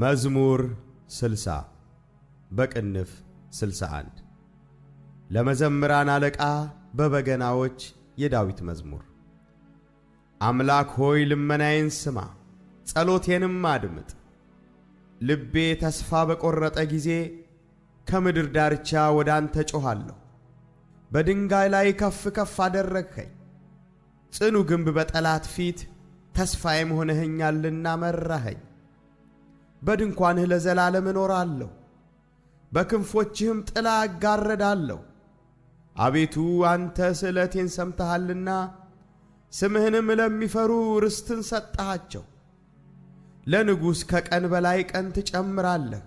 መዝሙር 60 በቅንፍ 61 ለመዘምራን አለቃ በበገናዎች የዳዊት መዝሙር። አምላክ ሆይ ልመናዬን ስማ፣ ጸሎቴንም አድምጥ። ልቤ ተስፋ በቈረጠ ጊዜ ከምድር ዳርቻ ወደ አንተ ጮኻለሁ። በድንጋይ ላይ ከፍ ከፍ አደረግኸኝ፣ ጽኑ ግንብ በጠላት ፊት ተስፋዬም ሆነኸኛልና መራኸኝ። በድንኳንህ ለዘላለም እኖራለሁ፣ በክንፎችህም ጥላ እጋረዳለሁ። አቤቱ አንተ ስዕለቴን ሰምተሃልና ስምህንም ለሚፈሩ ርስትን ሰጠሃቸው። ለንጉሥ ከቀን በላይ ቀን ትጨምራለህ፣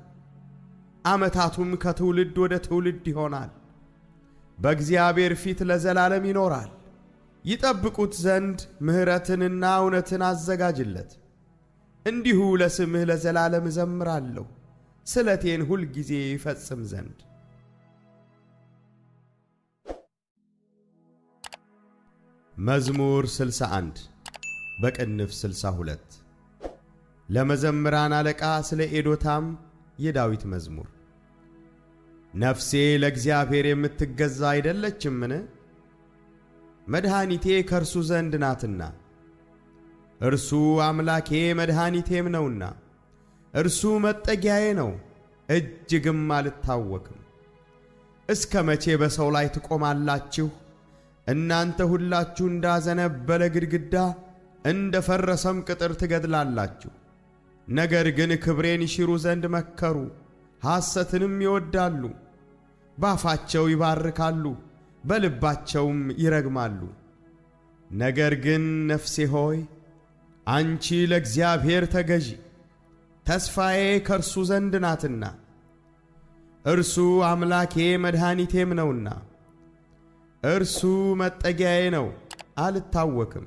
ዓመታቱም ከትውልድ ወደ ትውልድ ይሆናል። በእግዚአብሔር ፊት ለዘላለም ይኖራል። ይጠብቁት ዘንድ ምሕረትንና እውነትን አዘጋጅለት። እንዲሁ ለስምህ ለዘላለም እዘምራለሁ፣ ስለቴን ሁል ጊዜ ይፈጽም ዘንድ። መዝሙር 61 በቅንፍ 62 ለመዘምራን አለቃ ስለ ኤዶታም የዳዊት መዝሙር። ነፍሴ ለእግዚአብሔር የምትገዛ አይደለችምን? መድኃኒቴ ከእርሱ ዘንድ ናትና። እርሱ አምላኬ መድኃኒቴም ነውና፣ እርሱ መጠጊያዬ ነው፣ እጅግም አልታወክም። እስከ መቼ በሰው ላይ ትቆማላችሁ? እናንተ ሁላችሁ እንዳዘነበለ ግድግዳ እንደ ፈረሰም ቅጥር ትገድላላችሁ። ነገር ግን ክብሬን ይሽሩ ዘንድ መከሩ፣ ሐሰትንም ይወዳሉ። ባፋቸው ይባርካሉ፣ በልባቸውም ይረግማሉ። ነገር ግን ነፍሴ ሆይ አንቺ ለእግዚአብሔር ተገዢ፣ ተስፋዬ ከእርሱ ዘንድ ናትና። እርሱ አምላኬ መድኃኒቴም ነውና፣ እርሱ መጠጊያዬ ነው አልታወክም።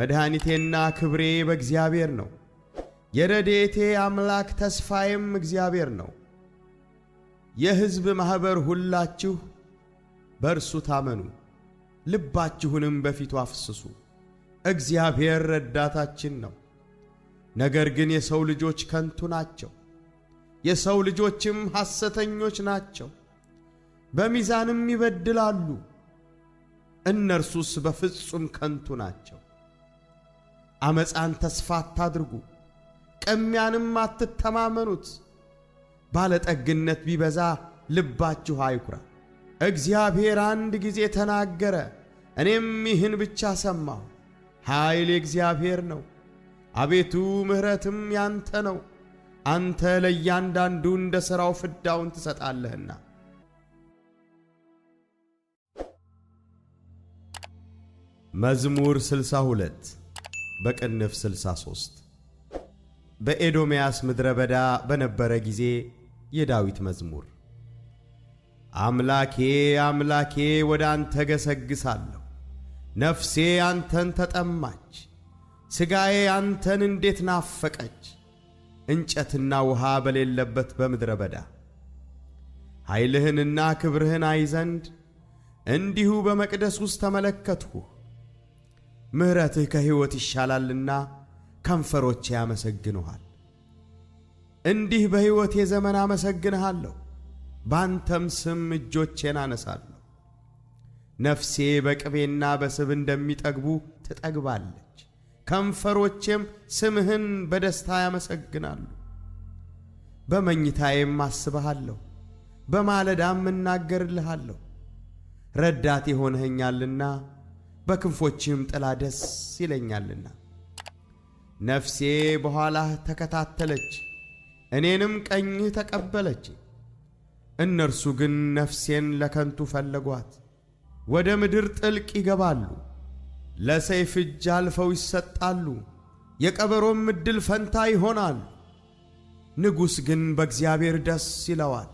መድኃኒቴና ክብሬ በእግዚአብሔር ነው፣ የረድኤቴ አምላክ ተስፋዬም እግዚአብሔር ነው። የሕዝብ ማኅበር ሁላችሁ በእርሱ ታመኑ፣ ልባችሁንም በፊቱ አፍስሱ። እግዚአብሔር ረዳታችን ነው። ነገር ግን የሰው ልጆች ከንቱ ናቸው፣ የሰው ልጆችም ሐሰተኞች ናቸው፣ በሚዛንም ይበድላሉ። እነርሱስ በፍጹም ከንቱ ናቸው። አመፃን ተስፋ አታድርጉ፣ ቅሚያንም አትተማመኑት። ባለጠግነት ቢበዛ ልባችሁ አይኩራ። እግዚአብሔር አንድ ጊዜ ተናገረ፣ እኔም ይህን ብቻ ሰማሁ። ኃይል የእግዚአብሔር ነው። አቤቱ ምሕረትም ያንተ ነው። አንተ ለእያንዳንዱ እንደ ሥራው ፍዳውን ትሰጣለህና። መዝሙር 62 በቅንፍ 63 በኤዶምያስ ምድረ በዳ በነበረ ጊዜ የዳዊት መዝሙር። አምላኬ አምላኬ ወደ አንተ ገሰግሳለሁ ነፍሴ አንተን ተጠማች፣ ሥጋዬ አንተን እንዴት ናፈቀች! እንጨትና ውሃ በሌለበት በምድረ በዳ ኃይልህንና ክብርህን አይ ዘንድ እንዲሁ በመቅደስ ውስጥ ተመለከትሁ። ምሕረትህ ከሕይወት ይሻላልና ከንፈሮቼ ያመሰግኑሃል። እንዲህ በሕይወቴ ዘመን አመሰግንሃለሁ፣ በአንተም ስም እጆቼን አነሳሉ። ነፍሴ በቅቤና በስብ እንደሚጠግቡ ትጠግባለች፣ ከንፈሮቼም ስምህን በደስታ ያመሰግናሉ። በመኝታዬም አስብሃለሁ፣ በማለዳም እናገርልሃለሁ። ረዳት የሆነኸኛልና በክንፎችህም ጥላ ደስ ይለኛልና። ነፍሴ በኋላህ ተከታተለች፣ እኔንም ቀኝህ ተቀበለች። እነርሱ ግን ነፍሴን ለከንቱ ፈለጓት ወደ ምድር ጥልቅ ይገባሉ። ለሰይፍ እጅ አልፈው ይሰጣሉ፣ የቀበሮም ምድል ፈንታ ይሆናል። ንጉሥ ግን በእግዚአብሔር ደስ ይለዋል፣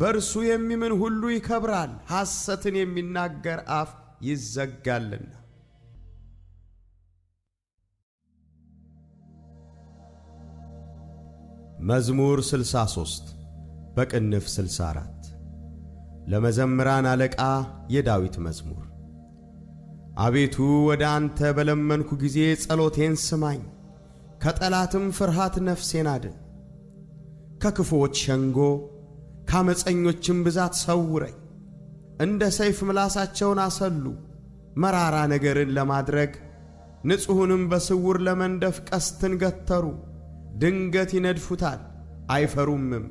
በእርሱ የሚምን ሁሉ ይከብራል። ሐሰትን የሚናገር አፍ ይዘጋልና። መዝሙር 63 በቅንፍ 64 ለመዘምራን አለቃ የዳዊት መዝሙር። አቤቱ ወደ አንተ በለመንኩ ጊዜ ጸሎቴን ስማኝ፣ ከጠላትም ፍርሃት ነፍሴን አድን። ከክፉዎች ሸንጎ ካመፀኞችም ብዛት ሰውረኝ። እንደ ሰይፍ ምላሳቸውን አሰሉ፣ መራራ ነገርን ለማድረግ ንጹሑንም በስውር ለመንደፍ ቀስትን ገተሩ። ድንገት ይነድፉታል አይፈሩምም።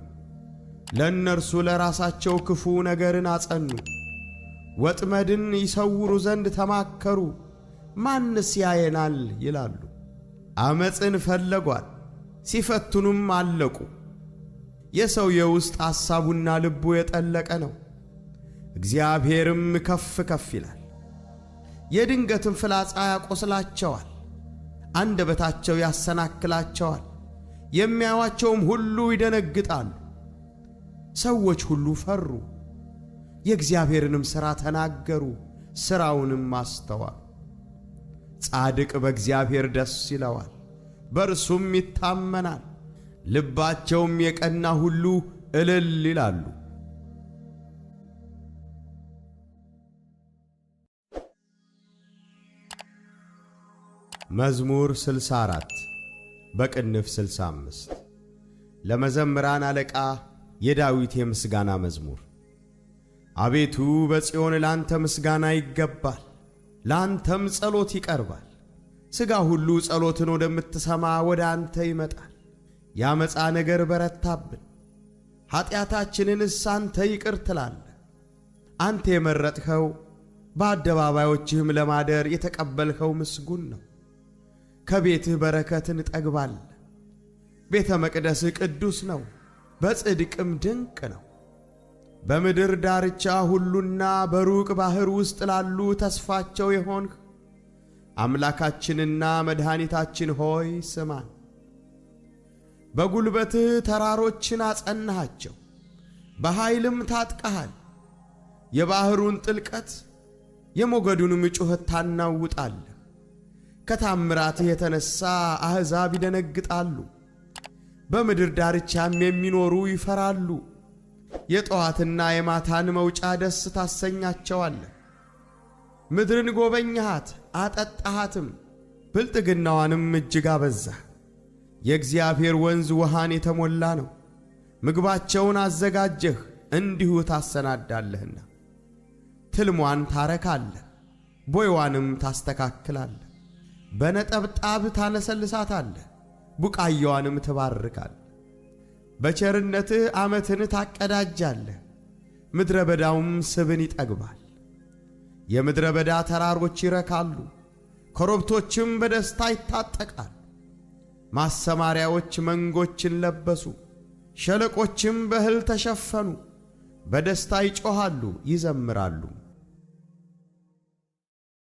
ለእነርሱ ለራሳቸው ክፉ ነገርን አጸኑ፣ ወጥመድን ይሰውሩ ዘንድ ተማከሩ፣ ማንስ ያየናል ይላሉ። አመፅን ፈለጓል፣ ሲፈትኑም አለቁ። የሰው የውስጥ ሐሳቡና ልቡ የጠለቀ ነው፣ እግዚአብሔርም ከፍ ከፍ ይላል። የድንገትም ፍላጻ ያቆስላቸዋል፣ አንደበታቸው ያሰናክላቸዋል፣ የሚያዩአቸውም ሁሉ ይደነግጣሉ። ሰዎች ሁሉ ፈሩ፣ የእግዚአብሔርንም ሥራ ተናገሩ፣ ሥራውንም አስተዋሉ። ጻድቅ በእግዚአብሔር ደስ ይለዋል፣ በእርሱም ይታመናል። ልባቸውም የቀና ሁሉ እልል ይላሉ። መዝሙር 64 በቅንፍ 65 ለመዘምራን አለቃ የዳዊት የምስጋና መዝሙር። አቤቱ በጽዮን ላንተ ምስጋና ይገባል፣ ላንተም ጸሎት ይቀርባል። ሥጋ ሁሉ ጸሎትን ወደምትሰማ ወደ አንተ ይመጣል። ያመጻ ነገር በረታብን፣ ኀጢአታችንንስ አንተ ይቅር ትላለህ። አንተ የመረጥኸው በአደባባዮችህም ለማደር የተቀበልኸው ምስጉን ነው። ከቤትህ በረከትን እጠግባለሁ፣ ቤተ መቅደስህ ቅዱስ ነው። በጽድቅም ድንቅ ነው። በምድር ዳርቻ ሁሉና በሩቅ ባሕር ውስጥ ላሉ ተስፋቸው የሆንህ አምላካችንና መድኃኒታችን ሆይ ስማን። በጉልበትህ ተራሮችን አጸናሃቸው፣ በኃይልም ታጥቀሃል። የባሕሩን ጥልቀት የሞገዱንም ጩኸት ታናውጣለህ። ከታምራትህ የተነሣ አሕዛብ ይደነግጣሉ። በምድር ዳርቻም የሚኖሩ ይፈራሉ። የጠዋትና የማታን መውጫ ደስ ታሰኛቸዋለህ። ምድርን ጎበኘሃት አጠጣሃትም፣ ብልጥግናዋንም እጅግ አበዛህ። የእግዚአብሔር ወንዝ ውሃን የተሞላ ነው። ምግባቸውን አዘጋጀህ እንዲሁ ታሰናዳለህና። ትልሟን ታረካለህ፣ ቦይዋንም ታስተካክላለህ፣ በነጠብጣብ ታለሰልሳታለህ። ቡቃያዋንም ትባርካል። በቸርነትህ ዓመትን ታቀዳጃለህ፣ ምድረ በዳውም ስብን ይጠግባል። የምድረ በዳ ተራሮች ይረካሉ፣ ኮረብቶችም በደስታ ይታጠቃል። ማሰማሪያዎች መንጎችን ለበሱ፣ ሸለቆችም በእህል ተሸፈኑ። በደስታ ይጮኻሉ፣ ይዘምራሉ።